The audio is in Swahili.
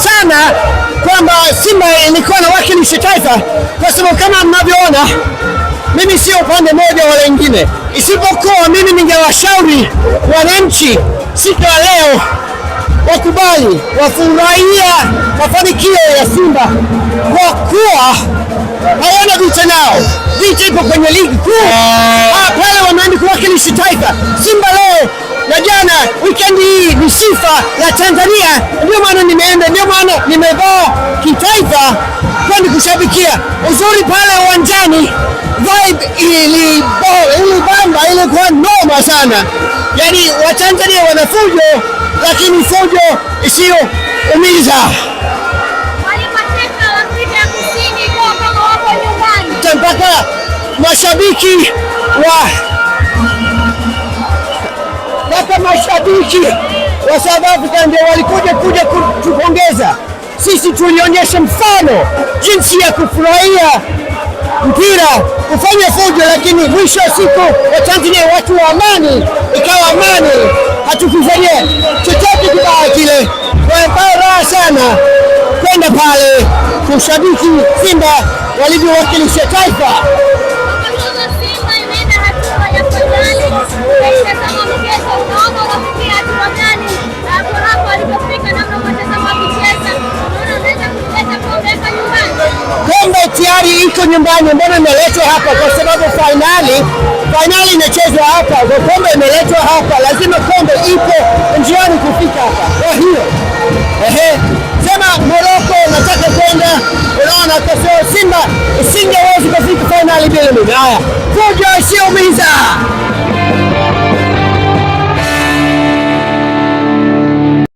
sana kwamba Simba ilikuwa na wakilisha taifa, kwa sababu kama mnavyoona mimi sio upande mmoja wala wengine, isipokuwa mimi ningewashauri wananchi siku ya leo wakubali, wafurahia mafanikio ya Simba kwa kuwa hawana vita nao. Vita ipo kwenye ligi kuu, ah, pale wanaenda kuwakilisha taifa. Simba leo na jana, wikendi hii ni sifa ya Tanzania, ndio maana maana nimevaa kitaifa kwani kushabikia uzuri pale uwanjani. Vibe ilibamba, ilikuwa noma sana, yani Watanzania wana fujo, lakini fujo umiza. Mpaka mashabiki wa mpaka mashabiki wa South Africa ndio walikuja kuja kwanza sisi tulionyesha mfano jinsi ya kufurahia mpira kufanya fujo, lakini mwisho wa siku Watanzania eh, watu wa amani, ikawa amani, hatukufanyia chochote kibaya kile. Ambayo raha sana kwenda pale kushabiki Simba walivyowakilisha taifa. tayari iko nyumbani, mbona imeletwa hapa? Kwa sababu fainali fainali inachezwa hapa, kwa kombe imeletwa hapa, lazima kombe ipo njiani kufika hapa. Kwa hiyo ehe, sema Moroko nataka kwenda, unaona kasema Simba isingewezi kufika fainali bila mimi. Haya, kuja isiumiza